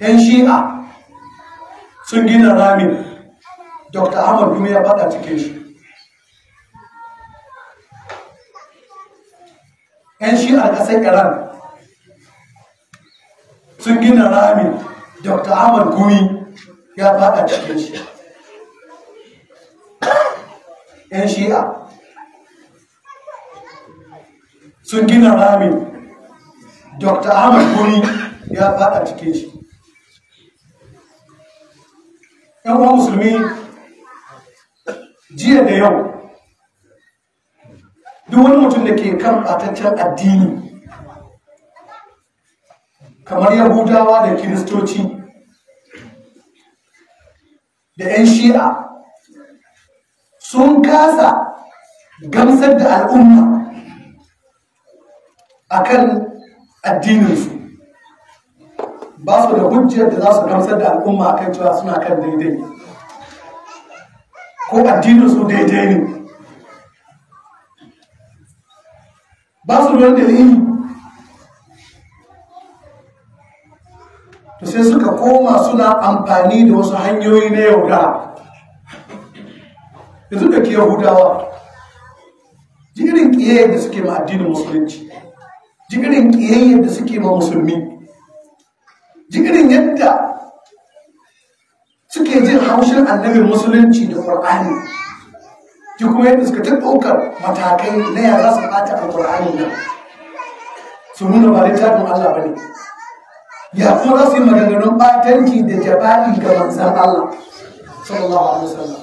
'yan shi'a sun gina ramin dr ahmad kuma ya bada cikin shi 'yan shi'a ƙasar iran sun gina ramin dr ahmad gumi ya bada cikin shi 'yan shi'a sun gina ramin dr ahmad gumi ya bada cikin shi yan musulmi jiya da yau duk wani mutum da ke kan ataccen addini kamar yahudawa da kiristoci da 'yan shi'a sun kasa gamsar da al'umma a kan addininsu ba su da hujjar da za su gamsar da al'umma kan cewa suna kan daidai ko addinin su daidai ne ba su da dalili to sai suka koma suna amfani da wasu hanyoyi na yau da. yanzu da ke yahudawa jirin ƙiyayyar da suke ma addinin musulunci jirin ƙiyayyar da suke ma musulmi Jikin yadda suke jin haushin annabi musulunci da ƙur'ani ki kuma yadda suka ta ɗaukar matakai na yara za su ɓata a ƙur'ani nan su nuna ba littafin Allah ba ne ya kuma za su yi maganganun ɓatanci da jaba'i ga manzan Allah sallallahu alaihi wasallam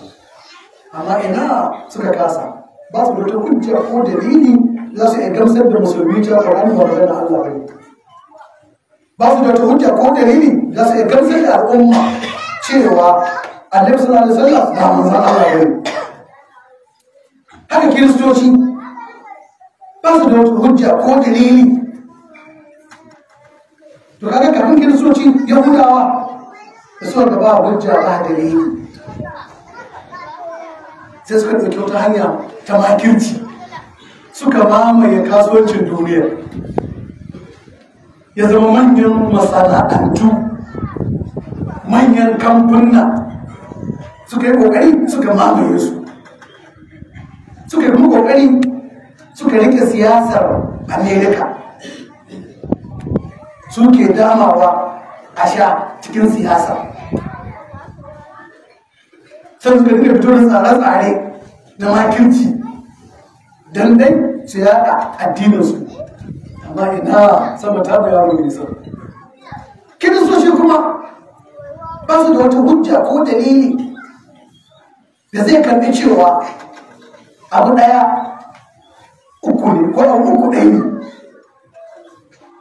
amma ina suka kasa ba su da hujja ko dalili za su iya gamsar da musulmi ta ƙur'ani ba da Allah ba ne ba su da ta hujja ko dalili za su iya gamsar da al'umma cewa annabi sallallahu alaihi wasallam ba manzon Allah bane haka kiristoci ba su da wata hujja ko dalili to kaga kafin kiristoci yahudawa da suka da ba hujja ba dalili sai suka ɗauki wata hanya ta makirci suka mamaye kasuwancin duniya ya zama manyan masana'antu manyan kamfuna suka yi kokari suka mamaye su suka yi kokari suka rike siyasar amerika suke damawa a sha cikin siyasa sai suka rike fito da tsare-tsare na makirci don dai su yaɗa addininsu amma ina sama ta bai yaro nisa kiristoci kuma ba su da wata hujja ko dalili da zai karbi cewa abu ɗaya uku ne ko abu uku ɗaya ne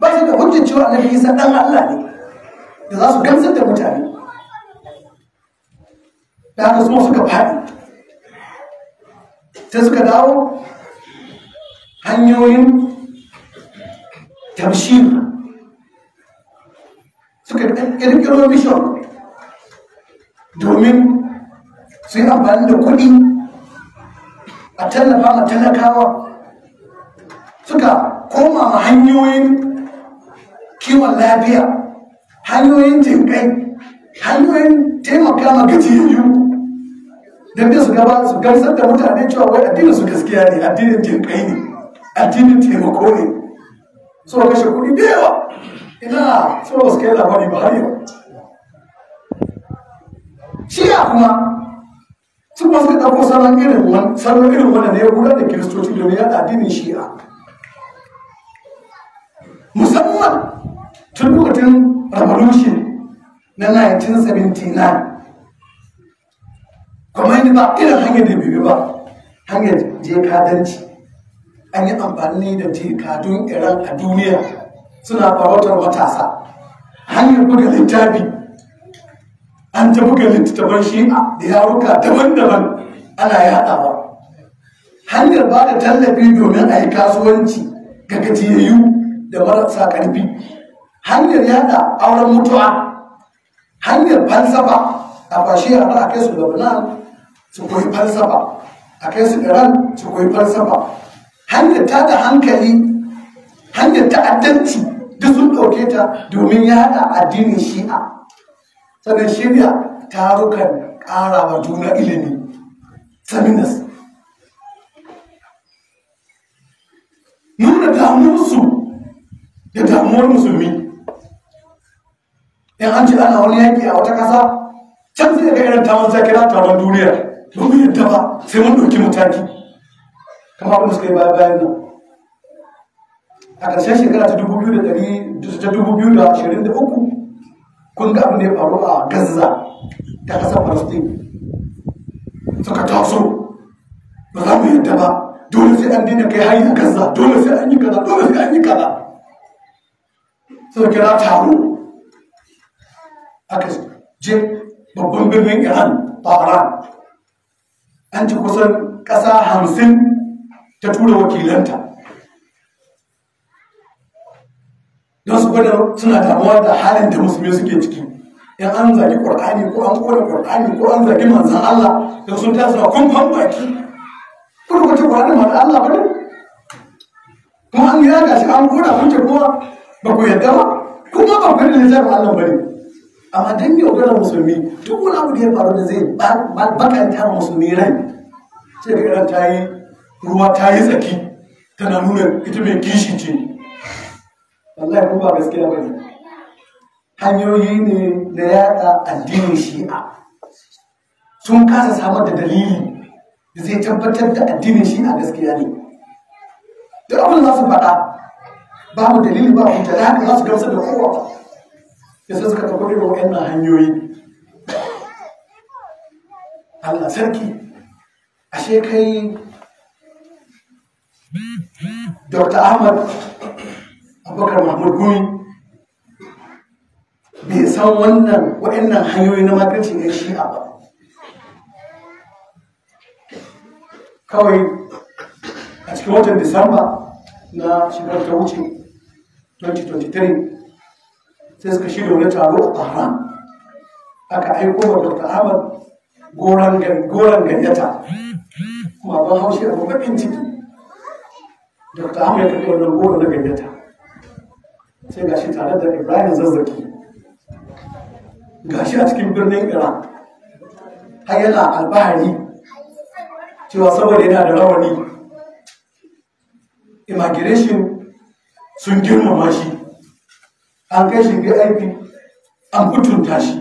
ba su da hujjar cewa na isa ɗan allah ne da za su gamsar da mutane da haka su suka faɗi ta suka dawo hanyoyin jamshir suka ƙirƙiro bishop domin su yi amfani da kuɗi a tallafa ma talakawa suka koma ma hanyoyin kiwon lafiya hanyoyin jinkai hanyoyin taimaka ma gajiyayyu don su gaba su gamsar da mutane cewa wai addinin su gaskiya ne addinin jinkai ne addinin taimako ne con kashe kuɗi da yawa ina suka wasu kai labari ba har yau shiya kuma su kuma suka ɗauko salon irin wani salon irin wani ne gudanar da kiristoci domin yaɗa addinin shi'a musamman tun lokacin revolution na 1979 kuma yadda ba irin hanyar da bai ba hanyar je an yi amfani da tekadun iran a duniya suna farautar matasa hanyar buga littafi an ta buga littattafan shi'a da yaruka daban-daban ana yaɗawa hanyar ba da tallafi domin a yi kasuwanci ga gajiyayyu da marasa ƙarfi hanyar yada auren mutuwa hanyar falsafa a fashi a kai su lebanon su koyi falsafa a kai su iran su koyi falsafa hanyar ta da hankali hanyar ta'addanci duk sun ɗauke ta domin ya haɗa addinin shi'a sannan shirya tarukan ƙarawa juna ilimi seminars nuna damuwarsu da damuwar musulmi in an ji ana wani yaƙi a wata ƙasa can sai ga irin tamar sai taron duniya domin yadda ba sai mun ɗauki mataki kamar abin da suka yi bayan bayan nan a ƙarshen shekara ta dubu biyu da ɗari ta dubu biyu da ashirin da uku kun ga abin da ya faru a gaza ta ƙasar palestine suka taso ba za mu yadda ba dole sai an daina kai hanyar gaza dole sai an yi kaza dole sai an yi kaza suka kira taro aka je babban birnin iran tehran an ci kusan ƙasa hamsin ta tura wakilanta don su gwada suna damuwa da halin da musulmi suke ciki in an zagi ƙur'ani ko an kore ƙur'ani ko an zagi manzan Allah da sun tasa kumfan baki Ko kuma ce ƙur'ani ma Allah ba ne kuma an gaya gashi an kora kun kuma ba ku yarda ba kuma ba ku yarda littafin Allah ba ne amma dan yau gara musulmi duk wani abu da ya faru da zai bakanta musulmi rai sai da ta yi ruwa ta yi tsaki tana nuna ita mai kishi ce wallahi ko ba gaskiya ba ne hanyoyi ne na yada addinin shi'a sun kasa samar da dalili da zai tabbatar da addinin shi'a gaskiya ne Da abin za su faɗa babu dalili ba hujja da haka za su gamsar da kowa ya sai suka tabbatar da waɗannan hanyoyi Allah sarki ashe kai dr ahmad abubakar mahmud gumi bai san wannan waɗannan hanyoyi na makarci ne shi'a ba kawai a cikin watan disamba na shekarar ta wuce 2023 sai suka shirya wani taro a haram aka aiko wa dr ahmad goran gayyata kuma ban haushe a babban ciki dr ahmed kwallon goro na gayyata sai gashi tare da ibrahim zazzaki gashi a cikin birnin iran har yana albahari cewa saboda yana da rawani immigration sun girmama shi an kai shi ga an kutunta shi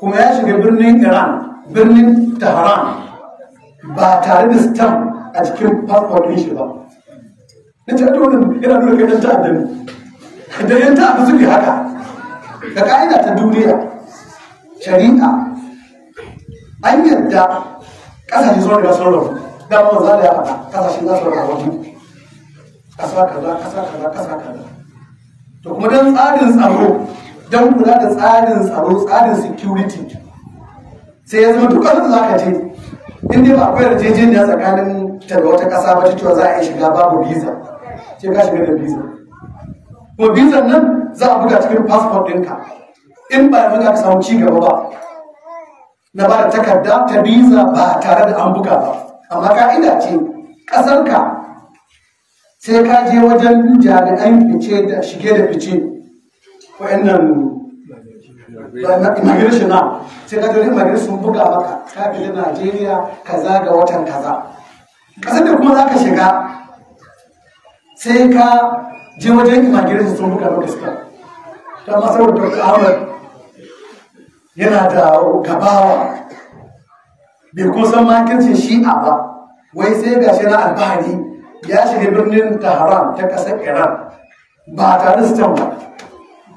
kuma ya shiga birnin iran birnin tehran ba tare da stamp a cikin passport shi ba na ce ado wannan yana nuna kai dan ta'adda ne da yan ta'adda suke haka da ka'ida ta duniya shari'a an yadda kasashe sun riga sun rabu da ma za da ya faɗa ƙasashe za su rabu wajen kasa kaza kasa kaza kasa kaza to kuma don tsarin tsaro don kula da tsarin tsaro tsarin security sai ya zama duk ƙasar za ka je in dai ba akwai yarjejeniya tsakanin ta da wata ƙasa ba ta cewa za a yi shiga babu visa sai ka shiga da visa to visa nan za a buga cikin passport ɗinka in ba yanzu ka samu ci gaba ba na ba da takarda ta visa ba tare da an buga ba amma ka'ida ce ƙasarka sai ka je wajen jami'an fice da shige da fice wa'annan immigration na sai ka jirgin immigration sun buga maka ka fita Najeriya kaza ga watan kaza ƙasar da kuma za ka shiga sai ka je wajen imagirin su sun buga da suka ta ma da dr ahmad yana da gabawa bai kusan makincin shi'a ba wai sai ga shi na albani ya shiga birnin taharan ta ƙasar iran ba tare su stan ba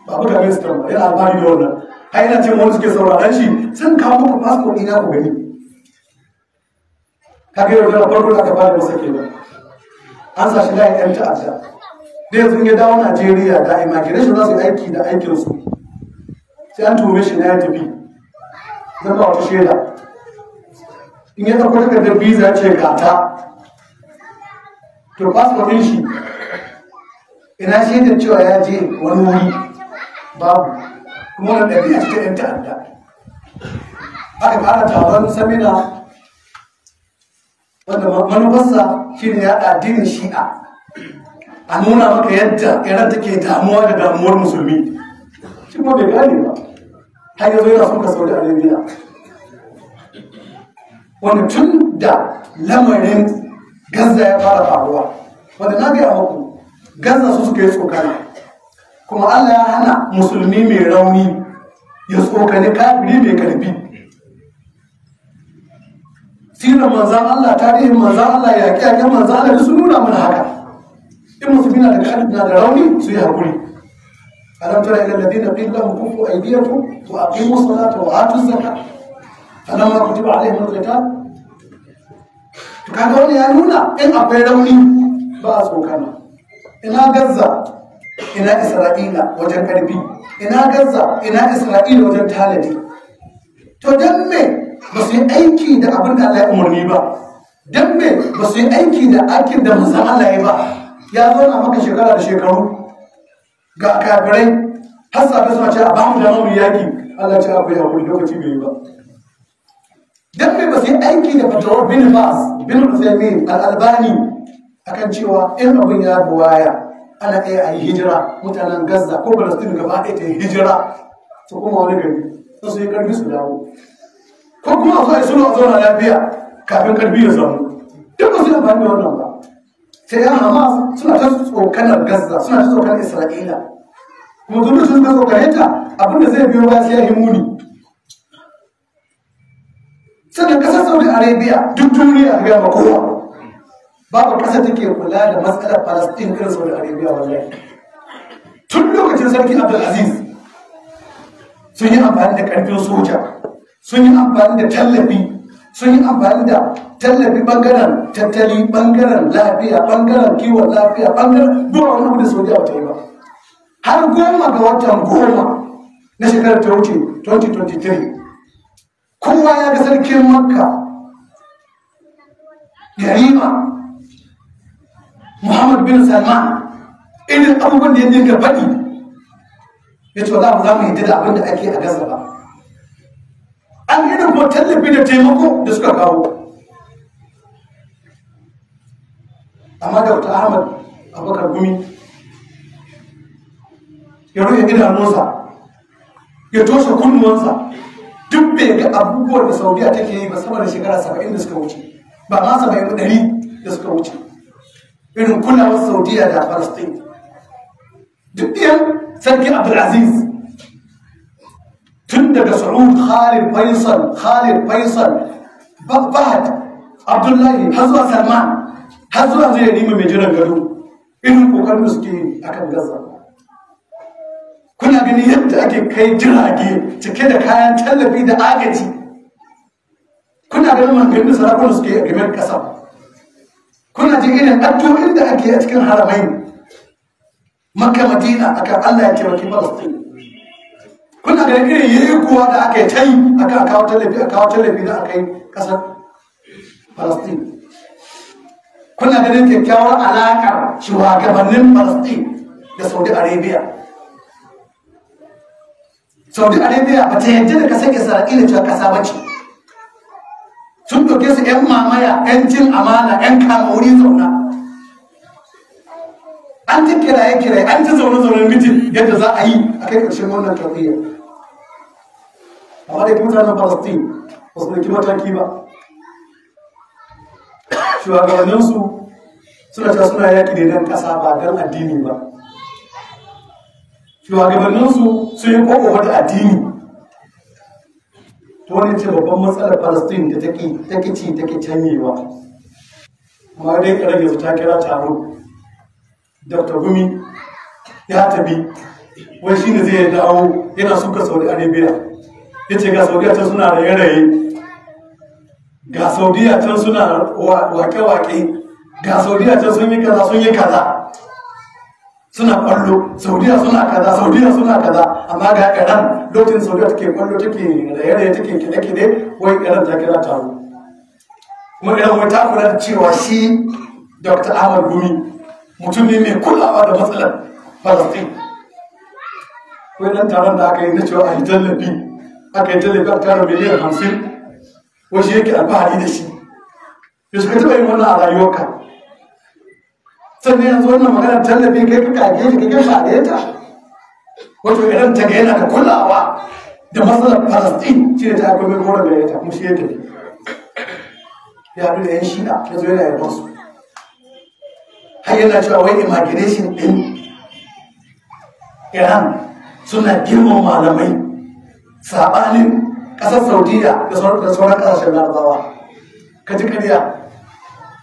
ba buga mai stan ba yana albani da wannan har yana cin wani suke sauraron shi sun kawo muku fasfo ina ku gani kaga yau da farko da aka fara masa kenan an sa shi layin yan ta'adda da yanzu ya dawo najeriya da imagination za su yi aiki da aikinsu sai an tume shi na ya tafi zan ba wata shaida in ya ɗauko takardar visa ce gata to fasfodin shi ina shaidar cewa ya je wani wuri babu kuma wani ɗabi'a ta yan ta'adda aka fara taron samina wanda manufarsa shi ne yaɗa addinin shi'a a nuna maka yadda iran take damuwa da damuwar musulmi shi kuma bai gane ba har yanzu yana suka saudi arabia wani tun da lamarin gaza ya fara faruwa Wani na gaya muku gaza su suka yi tsokana kuma allah ya hana musulmi mai rauni ya tsokani kafiri mai karfi sirar manzan Allah tarihin manzan Allah ya ƙi yaƙen manzan Allah sun nuna mana haka in musulmi na da ƙarfi na da rauni su yi haƙuri alam tara ila alladhina qila lahum kufu aydiyakum wa aqimu salata wa atu zakata alam ma kutiba alaihim alqital to kaga wani ya nuna in akwai rauni ba a tsokana ina gazza ina isra'ila wajen karfi ina gaza ina isra'ila wajen tanadi to don me ba su yi aiki da abin da Allah ya umarni ba dan me ba su yi aiki da aikin da manzon Allah ya ba ya zo maka shekara da shekaru ga kafirai har safe suna cewa ba mu da mu yaki Allah ya ce ya hakuri lokaci bai yi ba dan me ba su yi aiki da fatawa bin Bas bin Uthaymeen al-Albani akan cewa in abin ya buwaya ana iya a yi hijira mutanen Gaza ko Palestine gaba ɗaya ta yi hijira su kuma wani gari su yi karfi su dawo ko kuma a zuwa suna zauna lafiya kafin karfi ya zamu duk ba su amfani da wannan ba sai yan hamas suna ta tsokanar gaza suna ta tsokanar isra'ila kuma gwamnatin ta tsokane ta abinda zai biyo ba sai ya yi muni sannan kasar saudi arabia duk duniya ga ma kowa babu kasa take kula da matsalar palestine irin saudi arabia wallahi tun lokacin sarki abdulaziz sun yi amfani da karfin soja sun yi amfani da tallafi sun yi amfani da tallafi bangaren tattali bangaren lafiya bangaren kiwon lafiya bangaren duk wani abu da saudiya wata yi ba har goma ga watan goma na shekarar ta wuce 2023 kowa ya ga sarkin makka yarima muhammad bin salman irin abubuwan da ya dinga faɗi ya ce za mu za mu yi da abin da ake a gasa ba an yi ko tallafi da taimako da suka kawo amma da wata ahmad abubakar gumi ya rufe idanunsa ya toshe kunnuwansa duk bai ga abubuwan da saudiya take yi ba sama da shekara saba'in da suka wuce ba ma saba'in da ɗari da suka wuce irin kulawar saudiya da palestine duk ɗiyan sarki abdulaziz tun daga Sa'ud Khalid Faisal Khalid Faisal babbad Abdullahi har zuwa Salman har zuwa zai yi mai jiran gado irin kokarin da suke yi akan Gaza kuna gani yadda ake kai jirage cike da kayan tallafi da agaji kuna ganin maganganun sarakun suke a gaban ƙasa kuna jin irin addu'o'in da ake a cikin haramai makka madina akan Allah ya taimaki Palestine kuna da irin yekuwa da aka yi ta yi kan kawo a kawo tallafi da aka yi kasar palestine kuna da nan kyakkyawar alaƙar shugabannin palestine da saudi arabia saudi arabia ba ta yadda da kasar isra'ila cewa kasa ba ce sun doke su 'yan mamaya 'yan cin amana 'yan kama wuri zauna an ta kiraye kiraye an ji zaune zaune mitin yadda za a yi a kai ƙarshen wannan tarbiyya amma da mutanen palestin ba su ɗauki mataki ba shugabanninsu suna ta suna yaƙi ne don ƙasa ba don addini ba shugabanninsu sun yi ƙoƙo wata addini to wani ce babban matsalar palestin da take ci take canyewa amma dai ƙarar yanzu ta kira taro dr gumi ya tabi wai shi ne zai yi dawo yana suka saudi arabia ya ce ga saudiya can suna da yanayi ga saudiya can suna wake-wake ga saudiya can sun yi kaza sun yi kaza suna kwallo saudiya suna kaza saudiya suna kaza amma ga iran lokacin saudiya take kwallo take da yanayi take kide-kide wai iran ta kira taro kuma iran wai ta kula da cewa shi dr ahmad gumi mutum ne mai kulawa da matsalar falastin wai nan taron da aka yi na cewa a yi tallafi aka yi tallafi a tara miliyan hamsin wasu yake alfahari da shi ya suka taɓa yin wannan a rayuwarka sannan yanzu wannan magana tallafi kai ka kage ka kai faɗe ta wato idan ta ga yana da kulawa da matsalar falastin shi ne ta haifar mai kora da ya ta mushi ya tafi ya haɗu da yan shida zo yana yin su har yana cewa wai imagination din iran suna girman malamai saɓanin ƙasar saudiya da sauran ƙasashen larabawa ka ji ƙarya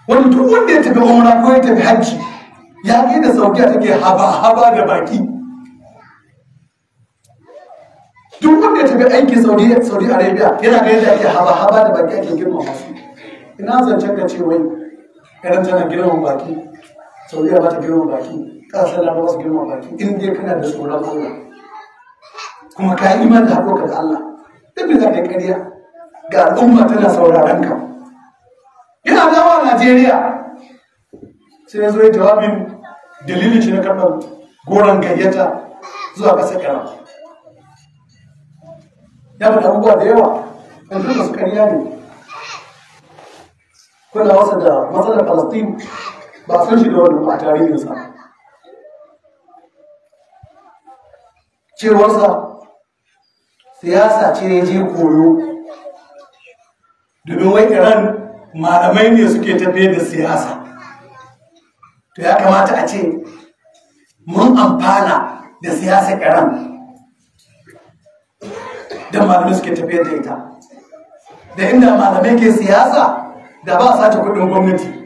wani duk wanda ya tafi umra ko ya tafi hajji ya ga da saudiya take haba-haba da baki duk wanda ya tafi aikin saudiya saudi arabia yana ga yadda ake haba-haba da baki ake girmama masu ina zancen ka ce wai iran tana girmama baki saudiya ba ta girma baki ƙasashen labar ba su girma baki in dai kana da tsoron allah kuma ka yi iman da haƙoƙa da allah duk da za ka yi ƙarya ga al'umma tana sauraron ka Ina dawa a najeriya sai ya zo ya jawabin dalilin shi na karɓar goron gayyata zuwa ƙasar ƙara. ya fi abubuwa da yawa ɗan kuma su ƙarya ne wasa da matsalar falastin ba san shi da wannan ba cewarsa siyasa ce ya je koyo domin wai iran malamai ne suke tafiye da siyasa to ya kamata a ce mun amfana da siyasa iran don malamai suke tafiye da ita da inda malamai ke siyasa da ba a sace kudin gwamnati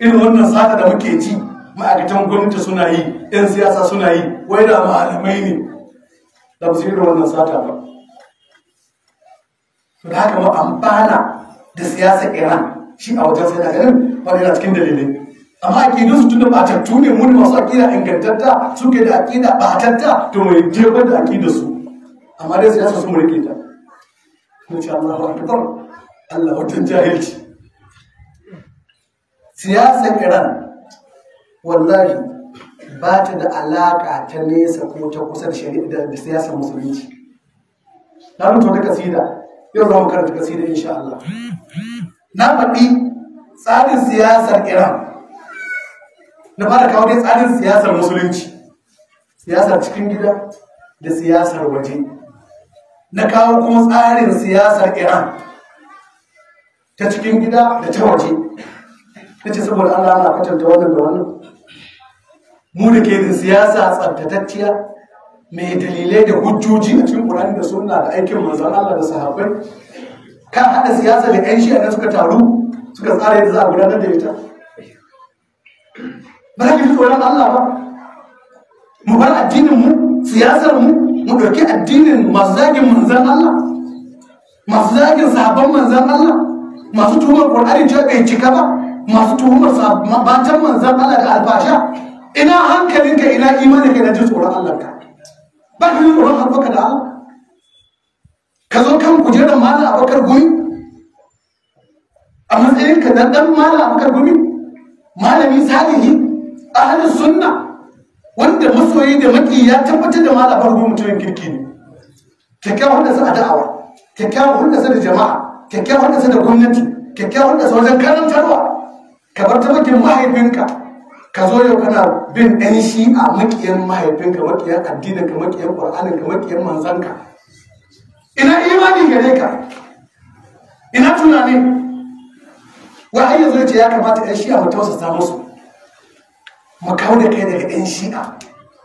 irin wannan sata da muke ci ma'aikatan gwamnati suna yi yan siyasa suna yi wai da malamai ne da ba su irin wannan sata ba to da haka amfana da siyasar iran shi a wajen sai da ganin wani yana cikin dalilai amma akidun su tunda batattu ne mu masu akida ingantatta suke da akida batatta to mai jefar da akidar su amma dai siyasa su mu rike ta. Insha Allah wa akbar Allah wajen jahilci. siyasar iran wallahi ba ta da alaƙa ta nesa ko ta kusa da siyasar musulunci na rubuta wata kasida yau za mu karanta kasida insha Allah na faɗi tsarin siyasar iran na fara kawo dai tsarin siyasar musulunci siyasar cikin gida da siyasar waje na kawo kuma tsarin siyasar iran ta cikin gida da ta waje na saboda Allah ana kwatanta wannan da wannan mu da ke da siyasa tsaftatacciya mai dalilai da hujjoji a cikin Qur'ani da sunna da aikin manzon Allah da sahabbai kan haɗa siyasa da ƴan shi'a suka taru suka tsara yadda za a gudanar da ita ba ka ki ji tsoron Allah ba mu bar addinin mu siyasar mu mu ɗauki addinin masu zagin manzon Allah masu zagin sahabban manzon Allah masu tuhumar Qur'ani cewa bai cika ba masu tuhumar mabatan manzan Allah da albasha? ina hankalinka ina imanin ka na jin tsoron Allah ka ba ka yi tsoron harbaka da Allah ka zo kan kujerar mala abakar gumi a matsayin ka dan dan mala abakar gumi malami salihi ahlus sunna wanda masoyi da maki ya tabbatar da mala abakar gumi mutumin kirki ne kyakkyawar da su a da'awa kyakkyawar da su da jama'a kyakkyawar da su da gwamnati kyakkyawar da su wajen karantarwa ka bar bakin mahaifinka ka zo yau kana bin ɗan shi'a maƙiyan mahaifinka maƙiyan addininka maƙiyan ƙur'aninka maƙiyan manzanka ina imani gare ka ina tunani wa hanyar yanzu ce ya kamata ɗan shi'a mu tausasa musu mu kawo da kai daga ɗan shi'a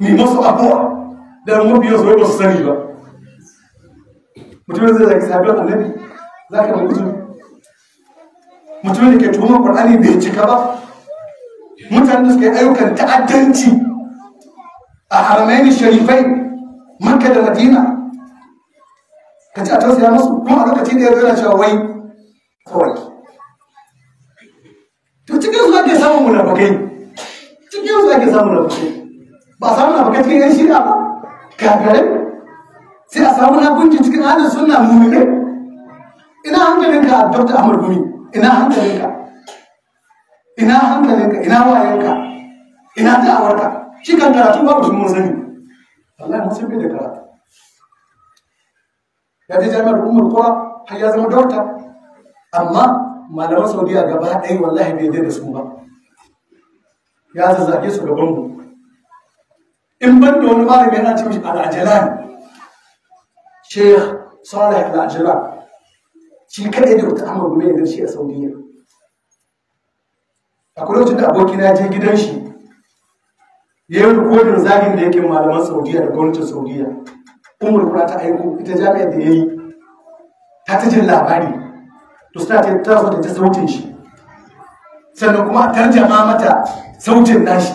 mu masu abuwa da biyo su ba su sani ba mutum zai zaki sabon annabi za ka mutu mutumin da ke tuhumar qur'ani bai cika ba mutanen da suka yi ayyukan ta'addanci a ne sharifai makka da madina ka ci a tausaya musu kuma a lokaci da ya zo yana cewa wai kawai to cikin su ake samun munafakai cikin su ake samun munafakai ba a samu munafakai cikin yan shida ba kafirai sai a samu munafunci cikin halin sunna mumine ina hankalinka ka dr ahmad gumi ina hankalinka ina hankalinka ina wayanka ina da'awarka shi kan karatu babu shi sani wallahi mun san da karatu ya ji jami'ar umar kowa har ya zama dokta amma malaman saudiya gaba ɗaya wallahi bai da su ba ya zazzage su gaban mu in ban da wani malami yana ce mishi al'ajalani sheikh salih al'ajala. shi kaɗai da wata amur gume da shi a saudiya akwai lokacin da na je gidan shi ya yi rikodin zagin da yake malaman saudiya da gwamnatin saudiya umar kura ta aiko ita jami'ar da ya yi ta ta jin labari to suna ta ta zo ta sautin shi sannan kuma a tarjama mata sautin nashi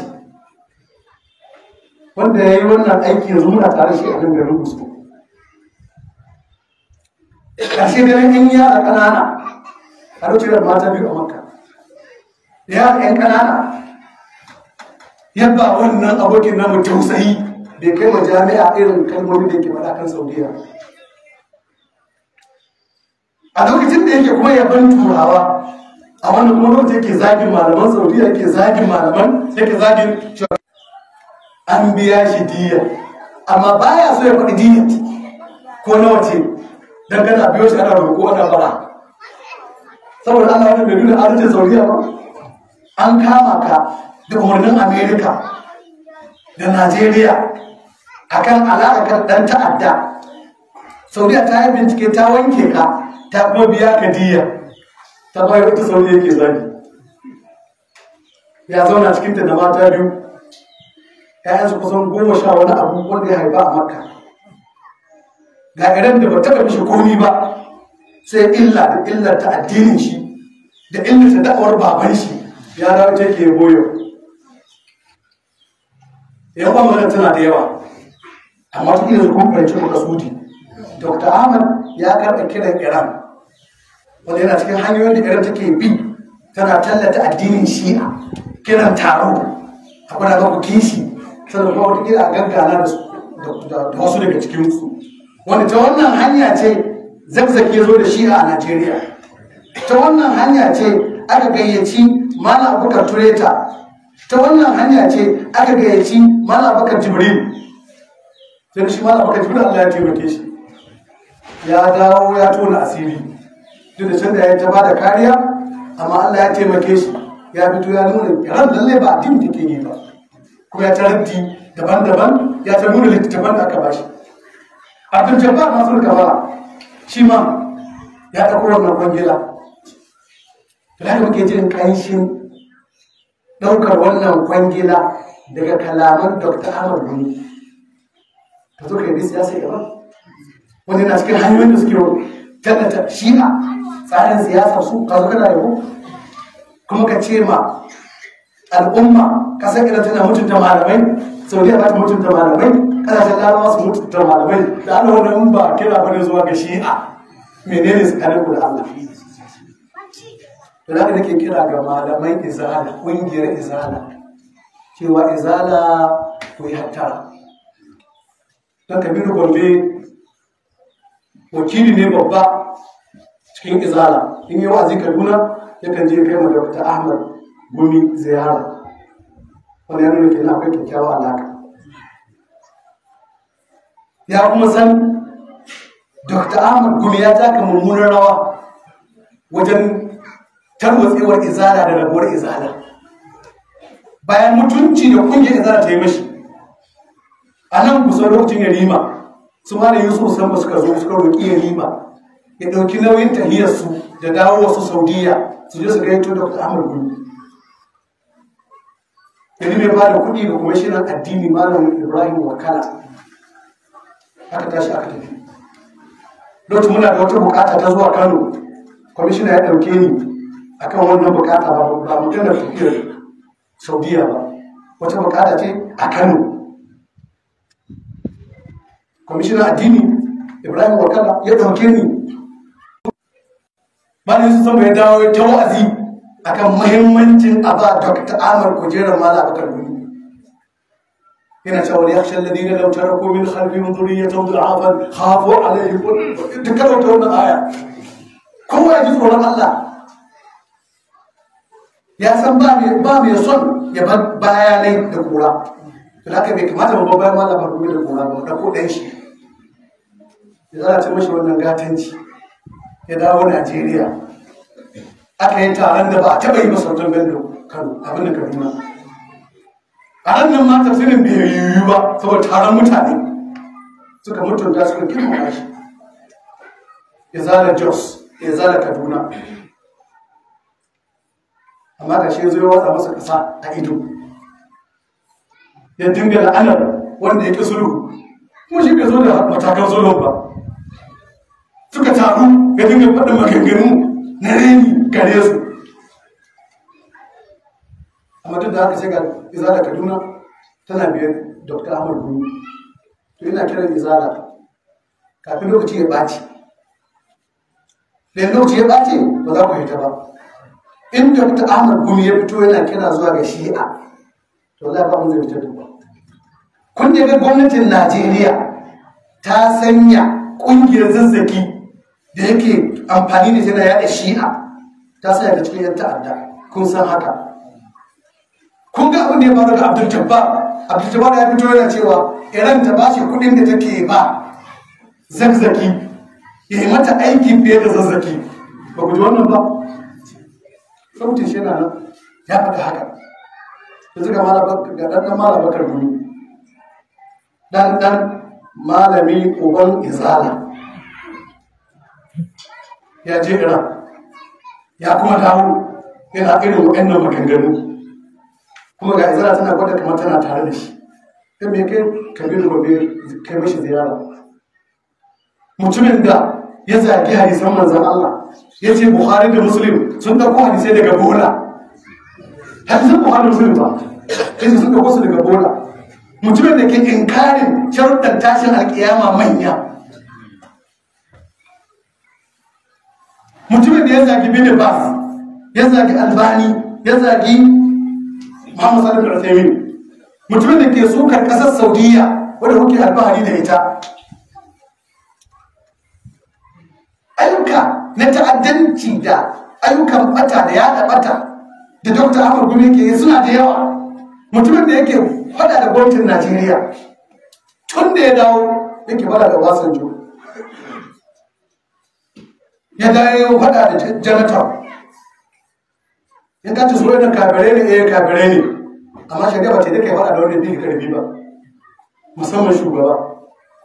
wanda ya yi wannan aiki yanzu muna tare shi a nan garin gusto ashe da nan ya a ƙanana a lokacin da mata biyu a makka ya yan ƙanana ya ba wannan abokin namu tausayi da kai ma jami'a irin kalmomi da yake faɗa kan saudiya a lokacin da yake kuma yaban turawa a wannan kuma lokacin yake zagin malaman saudiya yake zagin malaman yake zagin an biya shi diya amma baya so ya faɗi diya ko nawa ce dan kana biyo shi ana roƙo ana fara? saboda Allah wannan bai nuna arzikin sauriya ba an kama ka da umarnin Amerika da Najeriya kan alaƙar dan ta'adda Saudiya ta yi bincike ta wanke ka ta kuma biya ka diya ta bayar wata sauri yake zagi ya zauna cikin ta da mata biyu Ya'yansu kusan goma sha wani abu wanda ya haifa a Makka ga irin da ba taɓa mishi komi ba sai illa da illar ta addinin shi da illar ta da'awar baban shi ya dawo ta ke goyo yan ɓangaren tana da yawa amma da irin kuma fahimci ka suti dr ahmad ya karɓa kiran iran wanda yana cikin hanyoyin da iran take bi tana tallata addinin shi'a kiran taro a kuna ga ku kishi sannan kuma wata kira a gaggana da wasu daga cikinsu wanda ta wannan hanya ce ya zo da shi a najeriya ta wannan hanya ce aka gayyaci malam abubakar tureta ta wannan hanya ce aka gayyaci malam abubakar jibril sai shi malam abubakar jibril allah ya taimake shi ya dawo ya tona asiri duk da can da ya ta bada kariya amma allah ya taimake shi ya fito ya nuna ran lallai ba addini take yi ba kuma ya taraddi daban-daban ya ta nuna littattafan da aka bashi abdul jabbar mansur ba shi ma ya ɗauko wannan kwangila to da muke jin ƙanshin ɗaukar wannan kwangila daga kalaman dr ahmad gumi ta zo ka yi siyasa gaba Wani na cikin hanyoyin da suke tallata shi'a tsarin siyasa su ka zo kana yau kuma ka ce ma al'umma kasar irin tana mutunta malamai saudiya ba ta mutunta malamai ƙasashen larabawa su mutu ta malamai da ana wani ba kira bane zuwa ga shi'a menene tsakanin ku da Allah da nake kira ga malaman izala ƙungiyar izala cewa izala ku yi hattara don kabiru gombe wakili ne babba cikin izala in yi wa'azi kaduna yakan je kai ma dr ahmad gumi ziyara wani ya nuna kenan akwai kyakkyawa alaƙa ya kuma san dr ahmad gumi ya taka mummunan rawa wajen tarwatsewar izala da rabuwar izala bayan mutunci da kungiyar izala ta yi mashi a nan kusa lokacin yarima su ma da yusuf ba suka zo suka roƙi yarima ya ɗauki nauyin tahiyarsu da dawo wasu saudiya su je su gaito dr ahmad gumi yanzu mai ba da kuɗi da kuma shirin addini malam ibrahim wakala aka tashi aka tafi lokacin muna da wata bukata ta zuwa kano kwamishina ya ɗauke ni akan wannan bukata ba mutum da tafiyar saudiya ba wata bukata ce a kano kwamishina addini ibrahim wakala ya ɗauke ni bayan su sama ya dawo ta wa'azi akan mahimmancin a ba dr amur kujerar mala bakar duniya yana cewa wani yakshan ladina lau taraku min khalfihim dhurriyatan du'afan khafu alaihim duk kada ta wannan aya kowa ya ji tsoron Allah ya san ba mai ba son ya bar bayanai da kura to haka bai kamata mu bar bayan Allah ba da kura ba da ko dan shi ya zara ce mashi wannan gatanci ya dawo Najeriya aka yi taron da ba a taɓa yi masautan Bello Kano abin da Kaduna a hannun matan tafsirin bai yiwu ba saboda taron mutane suka mutunta suka girmama shi ya zala jos ya zala kaduna amma ka shi zai watsa masa ƙasa a ido ya dinga la'anar wanda ya ƙi sulhu kuma shi bai zo da matakan sulhu ba suka taru ya dinga faɗin maganganu na reni gare su amma da haka sai ga izara kaduna tana biyar dr ahmad gumi to yana kiran izara kafin lokaci ya ɓaci da lokaci ya ɓaci ba za ku fita ba in dr ahmad gumi ya fito yana kira zuwa ga shi'a to za a ba mu zai fita duba kun ga gwamnatin najeriya ta sanya ƙungiyar zazzaki da yake amfani da shi'a ta sanya da cikin yan ta'adda kun san haka kun ga abin da ya faru da abdul jabba abdul jabba ya fito yana cewa iran ta bashi kuɗin da take ba zazzaki ya yi mata aiki fiye da zazzaki ba ku ji wannan ba sautin shi yana nan ya faɗa haka yanzu ga ɗan malam bakar gudu ɗan ɗan malami uban izala ya je iran ya kuma dawo yana irin waɗannan maganganu kuma ga izara tana gwada kamar tana tare da shi dan me kai kabiru gobe kai mashi ziyara mutumin da ya zagi hadisan manzan Allah ya ce Bukhari da Muslim sun ɗauko hadisai daga bola hadisan Bukhari da Muslim ba yace sun ɗauko su daga bola mutumin da ke inkarin sharuɗan tashin alƙiyama manya mutumin da ya zagi bin bas ya zagi albani ya zagi Muhammad Salih Al-Uthaymin mutumin da ke sukar ƙasar Saudiya wadda kuke alfahari da ita ayyuka na ta'addanci da ayyukan bata da yada bata da Dr. Ahmad Gumi ke suna da yawa mutumin da yake fada da gwamnatin Najeriya tun da ya dawo yake fada da Obasanjo ya dawo fada da Jonathan in ka ci suwanin kafirai ne eh kafirai ne amma shari'a ba ce da kai a da wani bai karfi ba musamman shugaba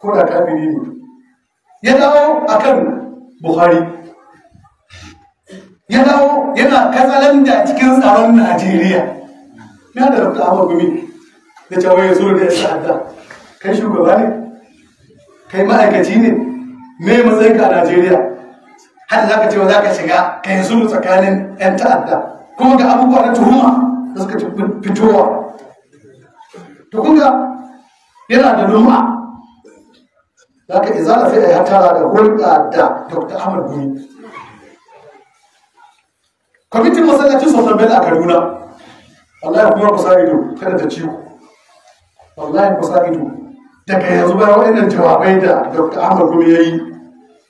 ko da kafiri ne ya dawo a kan buhari ya dawo yana da cikin tsaron najeriya ya da rabu amma gumi da cewa ya zo da ya sa'adda kai shugaba ne kai ma'aikaci ne me matsayinka ka a najeriya har za ka cewa za ka shiga ka yi sulhu tsakanin 'yan ta'adda kuma ga abubuwa na tuhuma da suka fitowa to kunga yana da noma. za ka izala sai a yi hatara da hulɗa da dr ahmad gumi kwamitin masallacin sosan bela a kaduna wallahi kuma ku sa ido kada ta ciwo wallahi ku sa ido daga yanzu bayan waɗannan jawabai da dr ahmad gumi ya yi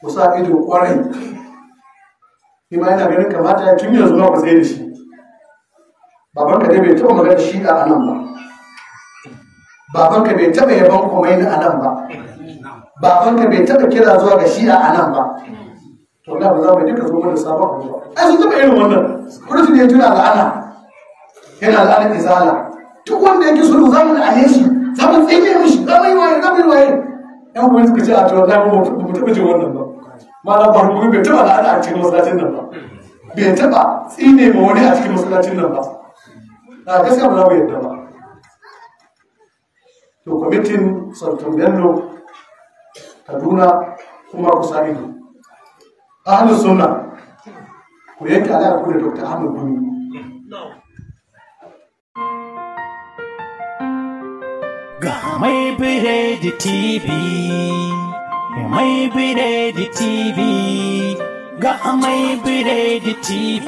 ku sa ido kwarai. ima ma yana ganin kamata ya tun yanzu ba ku sai da shi Baban ka dai bai taɓa magana shi a nan ba Baban ka bai taɓa yaban kumaini a nan ba Baban ka bai taɓa kira zuwa ga shi'a a nan ba to na ba za mu duka zo mana sabon abu ba ai sun taɓa irin wannan kuma su ne tuna la'ana yana la'ana izala duk wanda yake sulhu za mu la'ane shi za mu mai mishi za mu yi waye za mu yi waye yan kuma suka ce a to na mu taɓa jin wannan ba malam mu bai taɓa la'ana a cikin masallacin nan ba bai taɓa tsine ma wani a cikin masallacin nan ba na gaskiya ba za mu yadda ba to kwamitin sultan bello kaduna kuma ku sa ido ahalin sunna ku yanke alaƙa ku da dr ahmad gumi ga mai biredi tv mai biredi tv ga mai biredi tv